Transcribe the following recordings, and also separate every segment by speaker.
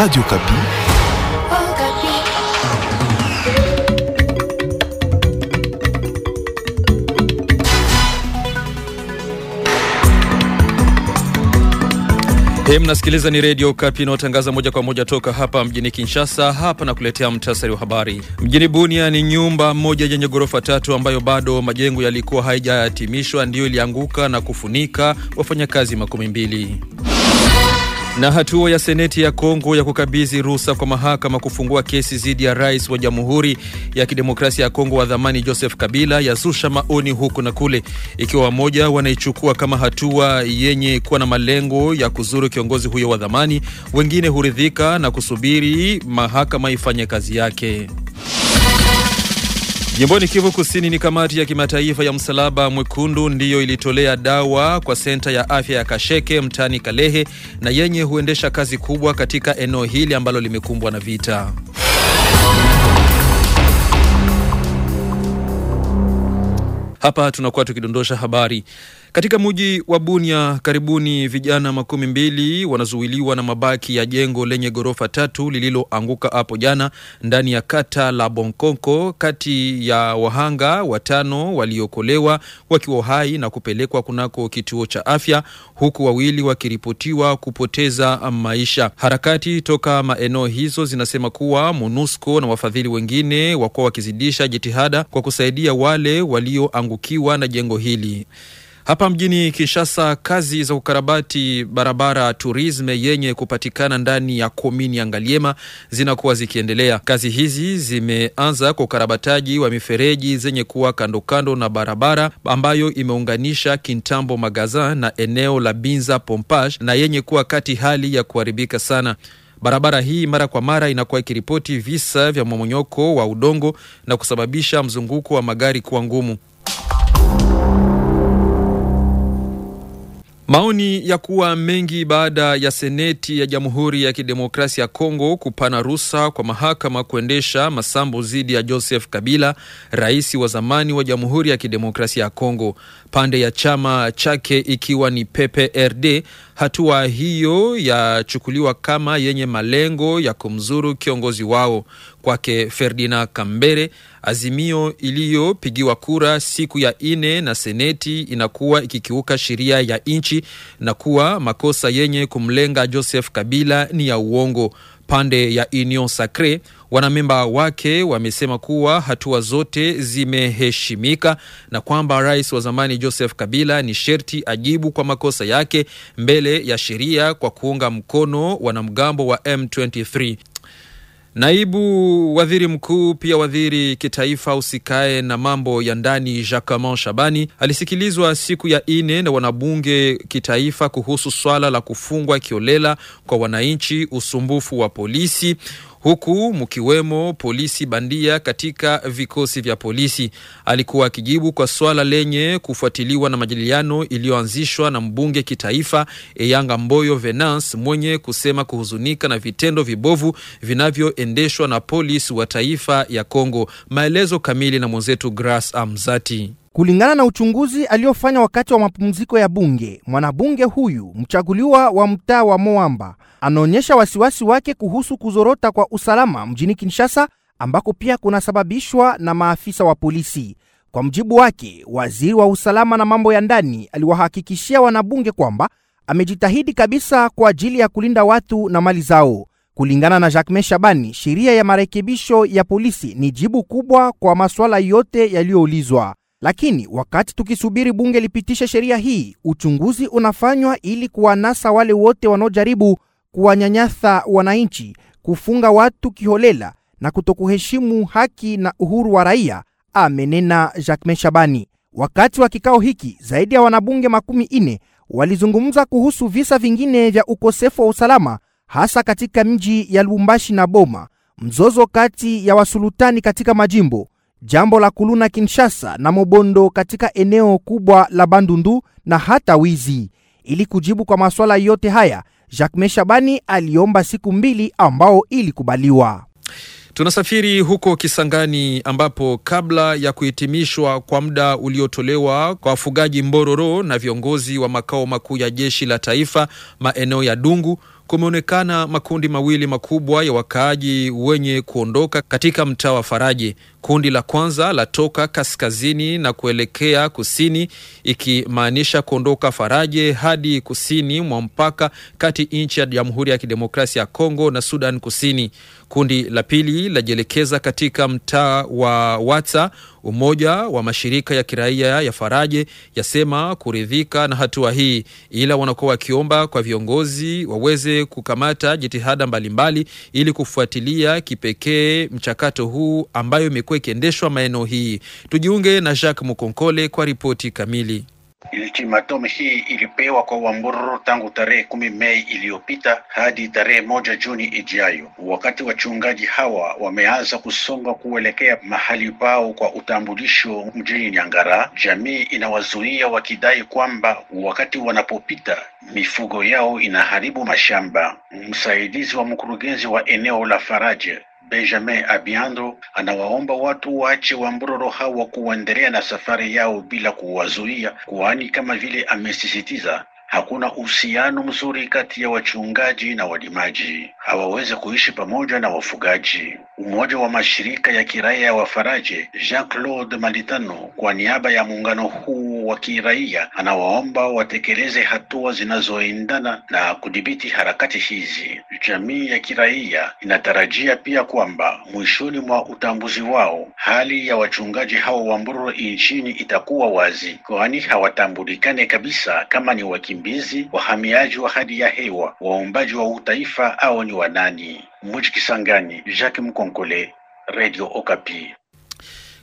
Speaker 1: Radio Kapi.
Speaker 2: Hey, mnasikiliza ni redio Kapi inayotangaza moja kwa moja toka hapa mjini Kinshasa. Hapa na kuletea mtasari wa habari. Mjini Bunia ni nyumba moja yenye ghorofa tatu ambayo bado majengo yalikuwa haijahitimishwa ndiyo ilianguka na kufunika wafanyakazi makumi mbili. Na hatua ya seneti ya Kongo ya kukabidhi ruhusa kwa mahakama kufungua kesi dhidi ya rais wa Jamhuri ya Kidemokrasia ya Kongo wa zamani Joseph Kabila yazusha maoni huku na kule, ikiwa wamoja wanaichukua kama hatua yenye kuwa na malengo ya kuzuru kiongozi huyo wa zamani, wengine huridhika na kusubiri mahakama ifanye kazi yake. Jimboni Kivu Kusini ni kamati ya kimataifa ya msalaba mwekundu ndiyo ilitolea dawa kwa senta ya afya ya Kasheke mtaani Kalehe na yenye huendesha kazi kubwa katika eneo hili ambalo limekumbwa na vita. Hapa tunakuwa tukidondosha habari katika mji wa Bunia karibuni, vijana makumi mbili wanazuiliwa na mabaki ya jengo lenye ghorofa tatu lililoanguka hapo jana ndani ya kata la Bonkonko. Kati ya wahanga watano waliokolewa wakiwa hai na kupelekwa kunako kituo cha afya, huku wawili wakiripotiwa kupoteza maisha. Harakati toka maeneo hizo zinasema kuwa MONUSCO na wafadhili wengine wakuwa wakizidisha jitihada kwa kusaidia wale walioangukiwa na jengo hili. Hapa mjini Kinshasa, kazi za ukarabati barabara turisme yenye kupatikana ndani ya komini ya Ngaliema zinakuwa zikiendelea. Kazi hizi zimeanza kwa ukarabataji wa mifereji zenye kuwa kando kando na barabara ambayo imeunganisha Kintambo Magazin na eneo la Binza Pompage na yenye kuwa kati hali ya kuharibika sana. Barabara hii mara kwa mara inakuwa ikiripoti visa vya mmomonyoko wa udongo na kusababisha mzunguko wa magari kuwa ngumu. Maoni ya kuwa mengi baada ya seneti ya Jamhuri ya Kidemokrasia ya Kongo kupana ruhusa kwa mahakama kuendesha masambo dhidi ya Joseph Kabila, rais wa zamani wa Jamhuri ya Kidemokrasia ya Kongo pande ya chama chake ikiwa ni PPRD. Hatua hiyo yachukuliwa kama yenye malengo ya kumzuru kiongozi wao. Kwake Ferdinand Kambere, azimio iliyopigiwa kura siku ya ine na seneti inakuwa ikikiuka sheria ya nchi na kuwa makosa yenye kumlenga Joseph Kabila ni ya uongo. Pande ya Union Sacre wanamemba wake wamesema kuwa hatua zote zimeheshimika na kwamba rais wa zamani Joseph Kabila ni sherti ajibu kwa makosa yake mbele ya sheria kwa kuunga mkono wanamgambo wa M23. Naibu waziri mkuu pia waziri kitaifa usikae na mambo ya ndani Jacquemain Shabani alisikilizwa siku ya ine na wanabunge kitaifa kuhusu swala la kufungwa kiolela kwa wananchi, usumbufu wa polisi, huku mkiwemo polisi bandia katika vikosi vya polisi. Alikuwa akijibu kwa swala lenye kufuatiliwa na majadiliano iliyoanzishwa na mbunge kitaifa Eyanga Mboyo Venance mwenye kusema kuhuzunika na vitendo vibovu vinavyoendeshwa na polisi wa taifa ya Kongo. Maelezo kamili na mwenzetu Grace Amzati.
Speaker 3: Kulingana na uchunguzi aliofanya wakati wa mapumziko ya bunge, mwanabunge huyu mchaguliwa wa mtaa wa Moamba anaonyesha wasiwasi wake kuhusu kuzorota kwa usalama mjini Kinshasa, ambako pia kunasababishwa na maafisa wa polisi. Kwa mjibu wake, waziri wa usalama na mambo ya ndani aliwahakikishia wanabunge kwamba amejitahidi kabisa kwa ajili ya kulinda watu na mali zao. Kulingana na Jacquemain Shabani, sheria ya marekebisho ya polisi ni jibu kubwa kwa masuala yote yaliyoulizwa. Lakini wakati tukisubiri bunge lipitishe sheria hii, uchunguzi unafanywa ili kuwanasa wale wote wanaojaribu kuwanyanyasa wananchi, kufunga watu kiholela na kutokuheshimu haki na uhuru wa raia, amenena Jacquemain Shabani. Wakati wa kikao hiki, zaidi ya wanabunge makumi ine walizungumza kuhusu visa vingine vya ukosefu wa usalama hasa katika mji ya Lubumbashi na Boma, mzozo kati ya wasulutani katika majimbo jambo la kuluna Kinshasa na Mobondo katika eneo kubwa la Bandundu na hata wizi. Ili kujibu kwa masuala yote haya, Jacques Shabani aliomba siku mbili ambao ilikubaliwa.
Speaker 2: Tunasafiri huko Kisangani ambapo kabla ya kuhitimishwa kwa muda uliotolewa kwa wafugaji Mbororo na viongozi wa makao makuu ya jeshi la taifa maeneo ya Dungu kumeonekana makundi mawili makubwa ya wakaaji wenye kuondoka katika mtaa wa Faraje. Kundi la kwanza latoka kaskazini na kuelekea kusini, ikimaanisha kuondoka Faraje hadi kusini mwa mpaka kati nchi ya Jamhuri ya Kidemokrasia ya Kongo na Sudan Kusini. Kundi la pili lajielekeza katika mtaa wa Watsa. Umoja wa mashirika ya kiraia ya Faraje yasema kuridhika na hatua hii, ila wanakuwa wakiomba kwa viongozi waweze kukamata jitihada mbalimbali mbali, ili kufuatilia kipekee mchakato huu ambayo imekuwa ikiendeshwa maeneo hii. Tujiunge na Jacques Mukonkole kwa ripoti kamili.
Speaker 4: Ultimatum hii ilipewa kwa Wambororo tangu tarehe kumi Mei iliyopita hadi tarehe moja Juni ijayo. Wakati wachungaji hawa wameanza kusonga kuelekea mahali pao kwa utambulisho mjini Nyangara, jamii inawazuia wakidai kwamba wakati wanapopita mifugo yao inaharibu mashamba. Msaidizi wa mkurugenzi wa eneo la Faraje Benjamin Abiando anawaomba watu waache wa mbroro hawa kuendelea na safari yao bila kuwazuia, kwani kama vile amesisitiza hakuna uhusiano mzuri kati ya wachungaji na walimaji, hawawezi kuishi pamoja na wafugaji. Umoja wa mashirika ya kiraia wa faraje Jean Claude Malitano kwa niaba ya muungano huu wa kiraia, anawaomba watekeleze hatua zinazoendana na kudhibiti harakati hizi. Jamii ya kiraia inatarajia pia kwamba mwishoni mwa utambuzi wao hali ya wachungaji hao wa Mbororo nchini itakuwa wazi, kwani hawatambulikane kabisa kama ni wakimbizi, wahamiaji wa hali ya hewa, waombaji wa utaifa au ni wanani. Mujikisangani, Jacques Mkonkole, Radio Okapi.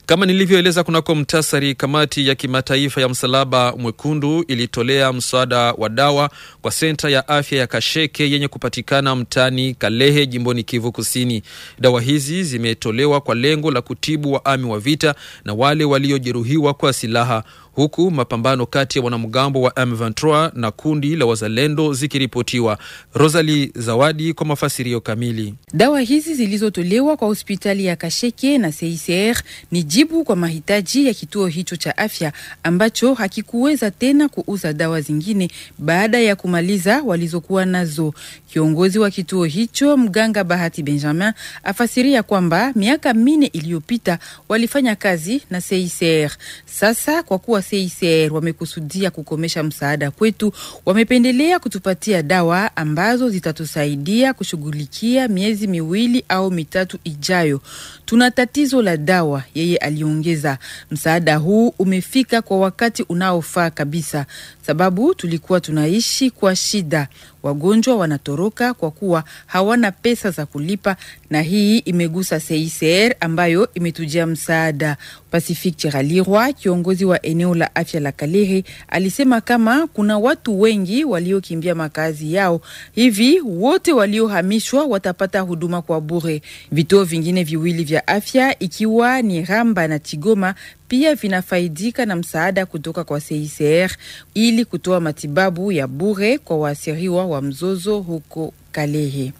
Speaker 2: Kama nilivyoeleza kunako mtasari, kamati ya kimataifa ya msalaba mwekundu ilitolea msaada wa dawa kwa senta ya afya ya Kasheke yenye kupatikana mtaani Kalehe, jimboni Kivu Kusini. Dawa hizi zimetolewa kwa lengo la kutibu waami wa vita na wale waliojeruhiwa kwa silaha huku mapambano kati ya wanamgambo wa M23 na kundi la wazalendo zikiripotiwa. Rosalie Zawadi kwa mafasirio kamili.
Speaker 5: Dawa hizi zilizotolewa kwa hospitali ya Kasheke na CICR ni jibu kwa mahitaji ya kituo hicho cha afya ambacho hakikuweza tena kuuza dawa zingine baada ya kumaliza walizokuwa nazo. Kiongozi wa kituo hicho mganga Bahati Benjamin afasiria kwamba miaka minne iliyopita walifanya kazi na CICR. Sasa kwa kuwa CICR wamekusudia kukomesha msaada kwetu, wamependelea kutupatia dawa ambazo zitatusaidia kushughulikia miezi miwili au mitatu ijayo. Tuna tatizo la dawa, yeye aliongeza. Msaada huu umefika kwa wakati unaofaa kabisa, sababu tulikuwa tunaishi kwa shida. Wagonjwa wanatoroka kwa kuwa hawana pesa za kulipa, na hii imegusa CICR ambayo imetujia msaada. Pacifique Cheralirwa, kiongozi wa eneo eneo la afya la Kalehe alisema kama kuna watu wengi waliokimbia makazi yao, hivi wote waliohamishwa watapata huduma kwa bure. Vituo vingine viwili vya afya ikiwa ni Ramba na Tigoma pia vinafaidika na msaada kutoka kwa CICR ili kutoa matibabu ya bure kwa waathiriwa wa mzozo huko Kalehe.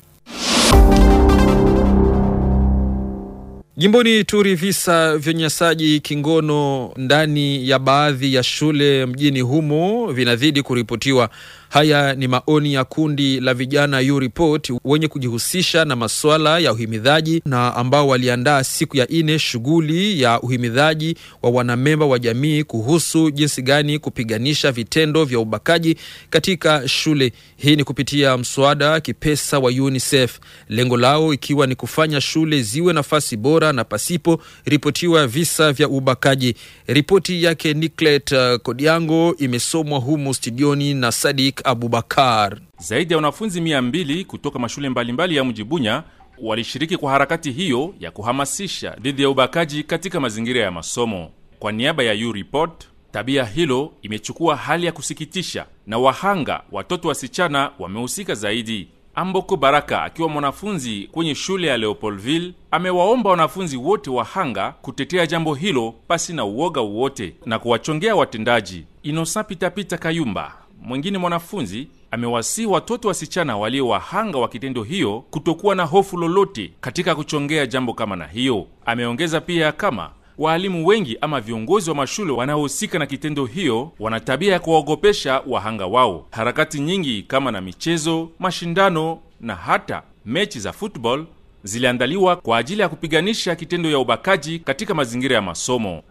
Speaker 2: Jimboni turi visa vya unyanyasaji kingono ndani ya baadhi ya shule mjini humo vinazidi kuripotiwa Haya ni maoni ya kundi la vijana U Report wenye kujihusisha na masuala ya uhimidhaji na ambao waliandaa siku ya ine shughuli ya uhimidhaji wa wanamemba wa jamii kuhusu jinsi gani kupiganisha vitendo vya ubakaji katika shule. Hii ni kupitia mswada kipesa wa UNICEF, lengo lao ikiwa ni kufanya shule ziwe nafasi bora na pasipo ripotiwa visa vya ubakaji. Ripoti yake Niklet uh, Kodiango imesomwa humu studioni na Sadik Abubakar. Zaidi ya wanafunzi mia mbili kutoka mashule
Speaker 6: mbalimbali ya mji Bunya walishiriki kwa harakati hiyo ya kuhamasisha dhidi ya ubakaji katika mazingira ya masomo. Kwa niaba ya U-Report, tabia hilo imechukua hali ya kusikitisha na wahanga watoto wasichana wamehusika zaidi. Amboko Baraka akiwa mwanafunzi kwenye shule ya Leopoldville amewaomba wanafunzi wote wahanga kutetea jambo hilo pasi na uoga wowote na kuwachongea watendaji. Inosa Pitapita Kayumba Mwingine mwanafunzi amewasihi watoto wasichana walio wahanga wa kitendo hiyo kutokuwa na hofu lolote katika kuchongea jambo kama na hiyo. Ameongeza pia kama waalimu wengi ama viongozi wa mashule wanaohusika na kitendo hiyo wana tabia ya kuwaogopesha wahanga wao. Harakati nyingi kama na michezo, mashindano na hata mechi za football ziliandaliwa kwa ajili ya kupiganisha kitendo ya ubakaji katika mazingira ya masomo.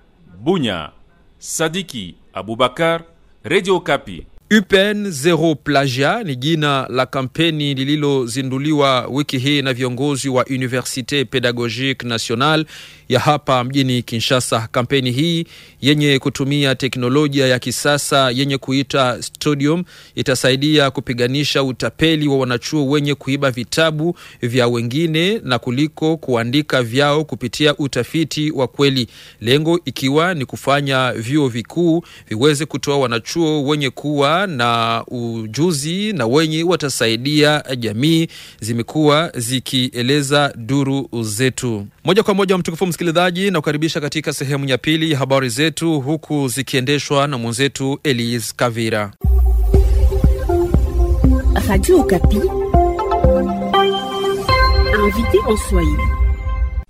Speaker 6: Bunya, Sadiki Abubakar, redio
Speaker 2: Kapi. UPN Zero Plagia ni jina la kampeni lililozinduliwa wiki hii na viongozi wa Universite Pedagogique Nationale ya hapa mjini Kinshasa. Kampeni hii yenye kutumia teknolojia ya kisasa yenye kuita Studium itasaidia kupiganisha utapeli wa wanachuo wenye kuiba vitabu vya wengine na kuliko kuandika vyao kupitia utafiti wa kweli, lengo ikiwa ni kufanya vyuo vikuu viweze kutoa wanachuo wenye kuwa na ujuzi na wenye watasaidia jamii, zimekuwa zikieleza duru zetu. Moja kwa moja, mtukufu msikilizaji, na kukaribisha katika sehemu ya pili ya habari zetu zetu huku zikiendeshwa na mwenzetu Elise Kavira.
Speaker 7: Radio invité en Swahili.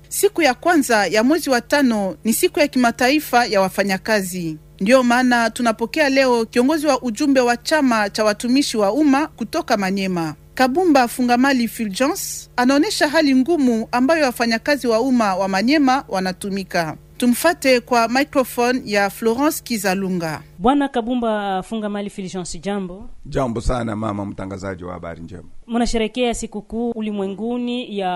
Speaker 7: Siku ya kwanza ya mwezi wa tano ni siku ya kimataifa ya wafanyakazi. Ndiyo maana tunapokea leo kiongozi wa ujumbe wa chama cha watumishi wa umma kutoka Manyema, Kabumba Fungamali Fulgence, anaonyesha hali ngumu ambayo wafanyakazi wa umma wa Manyema wanatumika. Tumfate kwa microphone ya Florence Kizalunga.
Speaker 8: Bwana Kabumba funga mali Filigence, jambo
Speaker 1: jambo sana mama mtangazaji wa habari njema.
Speaker 8: Mnasherekea sikukuu ulimwenguni ya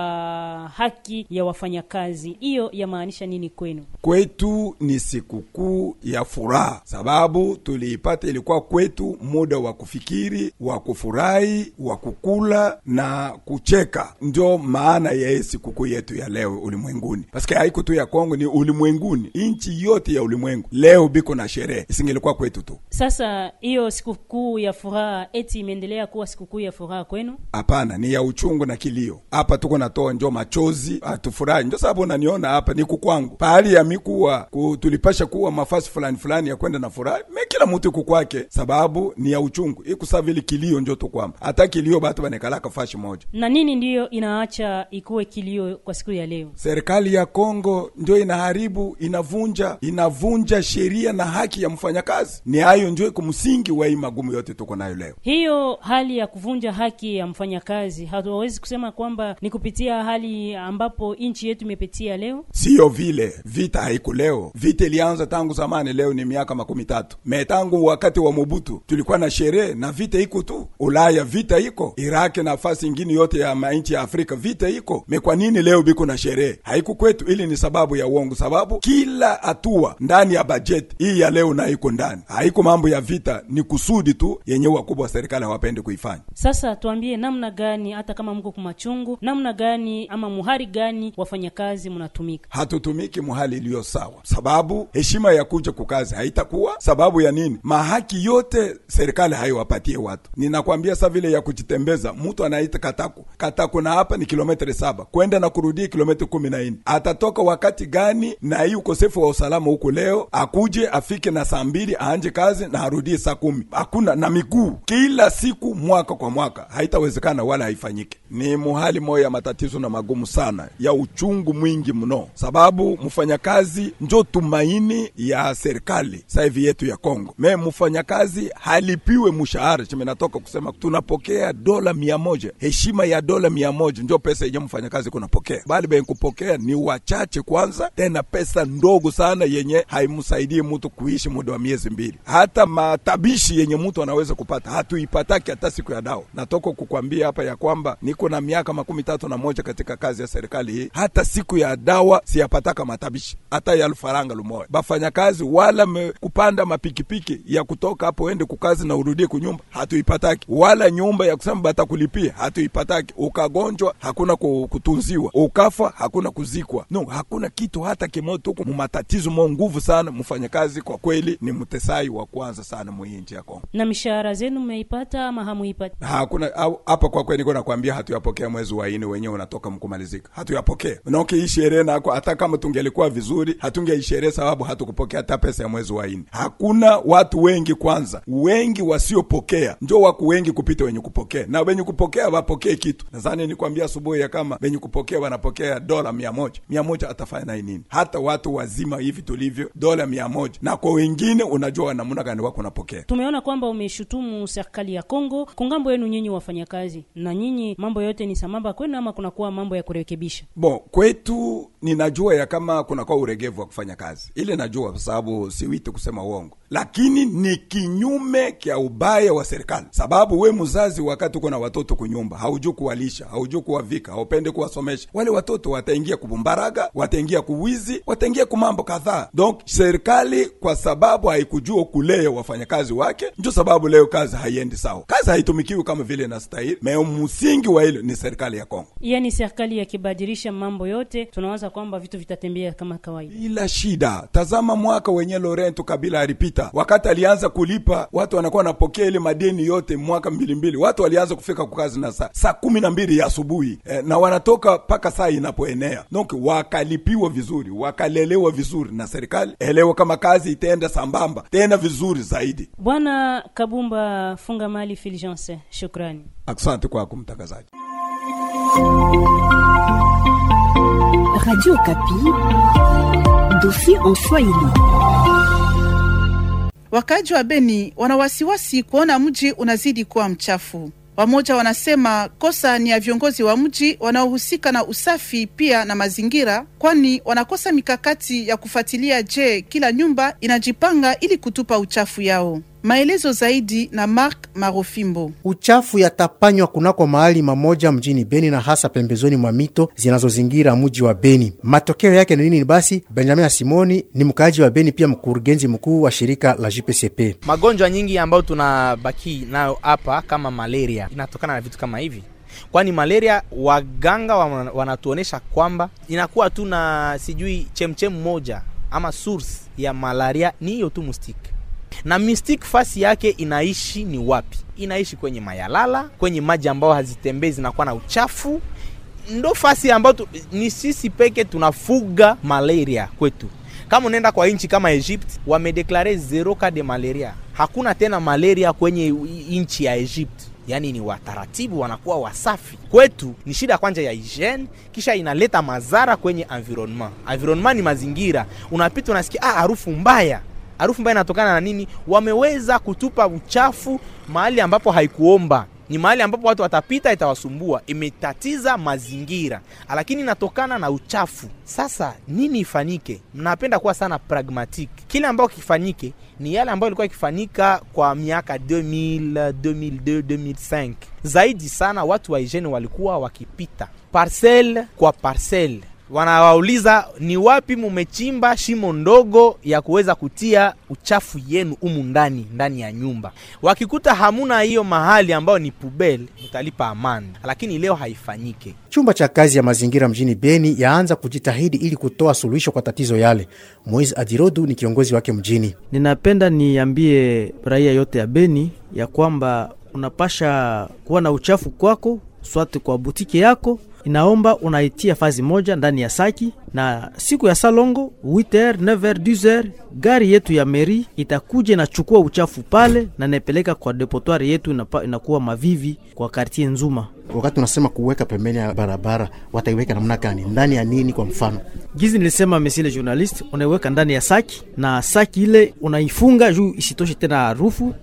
Speaker 8: haki ya wafanyakazi, hiyo yamaanisha nini kwenu?
Speaker 1: Kwetu ni sikukuu ya furaha, sababu tuliipata, ilikuwa kwetu muda wa kufikiri, wa kufurahi, wa kukula na kucheka. Ndio maana ya sikukuu yetu ya leo ulimwenguni, paske haiku tu ya Kongo, ni ulimwenguni, nchi yote ya ulimwengu leo biko na sherehe, isingelikuwa kwetu tu.
Speaker 8: Sasa hiyo sikukuu ya furaha eti imeendelea kuwa sikukuu ya furaha kwenu?
Speaker 1: Hapana, ni ya uchungu na kilio. Hapa tuko natoa njo machozi, hatufurahi. Ndio sababu unaniona hapa niku kwangu pahali ya mikuwa tulipasha kuwa mafasi fulani fulani ya kwenda na furaha me, kila mutu iku kwake, sababu ni ya uchungu ikusavili kilio njo tukwamba hata kilio batu banekalaka fashi moja.
Speaker 8: Na nini ndiyo inaacha ikuwe kilio kwa siku ya leo?
Speaker 1: Serikali ya Kongo ndio inaharibu, inavunja, inavunja sheria na haki ya mfanyakazi kazi. Ni hayo njue kumsingi wa hii magumu yote tuko nayo leo.
Speaker 8: Hiyo hali ya kuvunja haki ya mfanyakazi hatuwezi kusema kwamba ni kupitia hali ambapo nchi yetu imepitia leo.
Speaker 1: Siyo vile vita haiko leo, vita ilianza tangu zamani. Leo ni miaka makumi tatu me tangu wakati wa Mobutu tulikuwa na sherehe na vita iko tu Ulaya, vita iko Iraki na nafasi ingine yote ya manchi ya Afrika, vita iko me. Kwa nini leo biko na sherehe? Haiko kwetu, ili ni sababu ya uongo, sababu kila hatua ndani ya bajeti hii ya leo na iko ndani gani. Haiko mambo ya vita, ni kusudi tu yenye wakubwa wa serikali hawapende kuifanya.
Speaker 8: Sasa tuambie namna gani, hata kama mko kumachungu, namna gani ama muhali gani wafanyakazi mnatumika?
Speaker 1: Hatutumiki muhali iliyo sawa, sababu heshima ya kuja kukazi haitakuwa. Sababu ya nini? mahaki yote serikali haiwapatie watu. Ninakwambia sa vile ya kujitembeza, mtu anaita Katako, Katako na hapa ni kilometre saba kwenda na kurudi kilometre kumi na nne atatoka wakati gani? Na hii ukosefu wa usalama huko leo, akuje afike na saa mbili aanje kazi na arudie saa kumi. Hakuna na miguu kila siku, mwaka kwa mwaka, haitawezekana wala haifanyike. Ni muhali moya ya matatizo na magumu sana ya uchungu mwingi mno, sababu mfanyakazi njo tumaini ya serikali saivi yetu ya Kongo. Me mfanyakazi halipiwe mshahara, chimenatoka natoka kusema tunapokea dola mia moja heshima ya dola mia moja njo pesa yenye mfanyakazi kunapokea, bali benkupokea kupokea ni wachache kwanza, tena pesa ndogo sana yenye haimsaidii mutu kuishi muda wa miezi miezi mbili. Hata matabishi yenye mtu anaweza kupata hatuipataki hata siku ya dawa. Natoko kukwambia hapa ya kwamba niko na miaka makumi tatu na moja katika kazi ya serikali hii, hata siku ya dawa siyapataka matabishi hata ya lufaranga lumoya. Bafanyakazi wala me, kupanda mapikipiki ya kutoka hapo ende kukazi na urudie kunyumba hatuipataki, wala nyumba ya kusema batakulipia hatuipataki. Ukagonjwa hakuna kutunziwa, ukafa hakuna kuzikwa, no, hakuna kitu hata kimoja. Tuko mumatatizo mo nguvu sana, mfanyakazi kwa kweli ni mte mtesai wa kwanza sana mwinji ya Kongo.
Speaker 8: Na mishahara zenu mmeipata ama hamuipata?
Speaker 1: Hakuna hapa kwa kweli, niko nakwambia hatuyapokea mwezi wa ine wenyewe unatoka mkumalizika. Hatuyapokea. Na hii sherehe na hata kama tungelikuwa vizuri, hatungeisherehe sababu hatukupokea hata pesa ya mwezi wa ine. Hakuna watu wengi kwanza. Wengi wasiopokea njo wako wengi kupita wenye kupokea. Na wenye kupokea wapokee kitu. Nadhani nikwambia asubuhi ya kama wenye kupokea wanapokea dola mia moja. Mia moja atafanya nini? Hata watu wazima hivi tulivyo dola mia moja. Na kwa wengine una wanajua namna gani wako napokea.
Speaker 8: Tumeona kwamba umeshutumu serikali ya Kongo kungambo yenu nyinyi wafanyakazi, na nyinyi mambo yote ni sambamba kwenu ama kunakuwa mambo ya kurekebisha?
Speaker 1: Bon, kwetu ninajua ya kama kunakuwa uregevu wa kufanya kazi ile, najua kwa sababu siwite kusema uongo, lakini ni kinyume kya ubaya wa serikali, sababu we mzazi, wakati uko na watoto kunyumba, haujui kuwalisha, haujui kuwavika, haupende kuwasomesha wale watoto, wataingia kubumbaraga, wataingia kuwizi, wataingia kumambo kadhaa. Donc serikali kwa sababu haiku kujua kulea wafanyakazi wake. Ndio sababu leo kazi haiendi sawa, kazi haitumikiwi kama vile inastahili. Meo msingi wa hilo ni serikali ya Kongo,
Speaker 8: yani serikali yakibadilisha mambo yote, tunawaza kwamba vitu vitatembea kama kawaida bila
Speaker 1: shida. Tazama mwaka wenye Laurent Kabila alipita, wakati alianza kulipa watu wanakuwa wanapokea ile madeni yote mwaka mbili mbili, watu walianza kufika kwa kazi na saa saa kumi na mbili ya asubuhi e, na wanatoka mpaka saa inapoenea donc wakalipiwa vizuri, wakalelewa vizuri na serikali. Elewa kama kazi itaenda sambamba tena vizuri zaidi.
Speaker 8: Bwana Kabumba Funga Mali Fulgence, shukrani,
Speaker 1: asante kwako mtangazaji.
Speaker 7: Radio Kapi, dofi en Swahili. Wakaji wa Beni wana wasiwasi kuona mji unazidi kuwa mchafu. Wamoja wanasema kosa ni ya viongozi wa mji wanaohusika na usafi pia na mazingira, kwani wanakosa mikakati ya kufuatilia. Je, kila nyumba inajipanga ili kutupa uchafu yao? Maelezo zaidi na Mark Marofimbo.
Speaker 9: Uchafu yatapanywa kunako mahali mamoja mjini Beni na hasa pembezoni mwa mito zinazozingira mji wa Beni. Matokeo yake ni nini? Basi Benjamin ya Simoni ni mkaaji wa Beni, pia mkurugenzi mkuu wa shirika la JPCP.
Speaker 10: Magonjwa nyingi ambayo tunabaki nayo hapa kama malaria inatokana na vitu kama hivi kwani malaria waganga wanatuonesha kwamba inakuwa tu na sijui chemchem moja ama source ya malaria ni hiyo tu mustiki na mystic fasi yake inaishi ni wapi? Inaishi kwenye mayalala, kwenye maji ambayo hazitembei, zinakuwa na uchafu. Ndo fasi ambayo ni sisi peke tunafuga malaria kwetu. Kama unaenda kwa nchi kama Egypt, wamedeklare zero kade de malaria, hakuna tena malaria kwenye nchi ya Egypt. Yaani ni wataratibu wanakuwa wasafi. Kwetu ni shida kwanza ya hygiene, kisha inaleta mazara kwenye environment. Environment ni mazingira, unapita unasikia ah, harufu mbaya harufu mbaya inatokana na nini? Wameweza kutupa uchafu mahali ambapo haikuomba ni mahali ambapo watu watapita, itawasumbua, imetatiza mazingira, lakini inatokana na uchafu. Sasa nini ifanyike? Mnapenda kuwa sana pragmatic. Kile ambayo kifanyike ni yale ambayo ilikuwa ikifanyika kwa miaka 2000, 2002, 2005. Zaidi sana watu wa hygiene walikuwa wakipita parcel kwa parcel wanawauliza ni wapi mumechimba shimo ndogo ya kuweza kutia uchafu yenu umu ndani ndani ya nyumba. Wakikuta hamuna hiyo mahali ambayo ni pubel, mtalipa amani, lakini leo haifanyike.
Speaker 9: Chumba cha kazi ya mazingira mjini Beni yaanza kujitahidi ili kutoa suluhisho kwa tatizo yale. mois Adirodu ni kiongozi wake mjini.
Speaker 11: Ninapenda niambie raia yote ya Beni ya kwamba unapasha kuwa na uchafu kwako swati kwa butiki yako inaomba unaitia fazi moja ndani ya saki, na siku ya salongo 8h 9h 10h gari yetu ya meri itakuja inachukua uchafu pale na naipeleka kwa depotoari yetu, inapa, inakuwa mavivi kwa kartie nzuma.
Speaker 9: Wakati unasema kuweka pembeni ya barabara, wataiweka namna gani? Ndani ya nini? Kwa mfano
Speaker 11: gizi nilisema mesile journalist, unaiweka ndani ya saki na saki ile unaifunga juu isitoshe tena harufu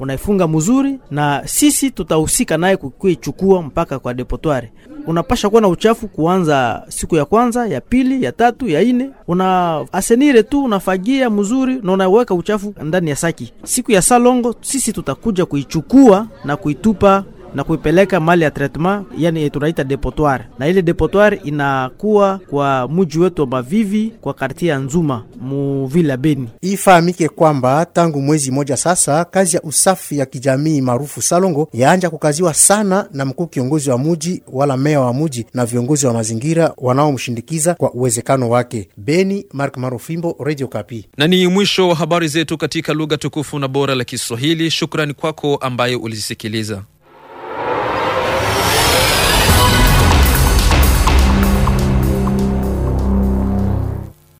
Speaker 11: unaifunga mzuri, na sisi tutahusika naye kuichukua mpaka kwa depotoire. Unapasha kuwa na uchafu kuanza siku ya kwanza, ya pili, ya tatu, ya ine. Una asenire tu unafagia mzuri na unaweka uchafu ndani ya saki. Siku ya salongo sisi tutakuja kuichukua na kuitupa na kuipeleka mali ya traitement, yani tunaita depotoir, na ile depotoir inakuwa kwa muji wetu wa Mavivi kwa kartie ya Nzuma
Speaker 9: ya Beni. Ifahamike kwamba tangu mwezi moja sasa kazi ya usafi ya kijamii maarufu salongo yaanja kukaziwa sana na mkuu kiongozi wa muji wala meya wa muji na viongozi wa mazingira wanaomshindikiza kwa uwezekano wake. Beni, Mark Marofimbo, Radio Kapi.
Speaker 2: Na ni mwisho wa habari zetu katika lugha tukufu na bora la Kiswahili. Shukrani kwako ambaye ulizisikiliza.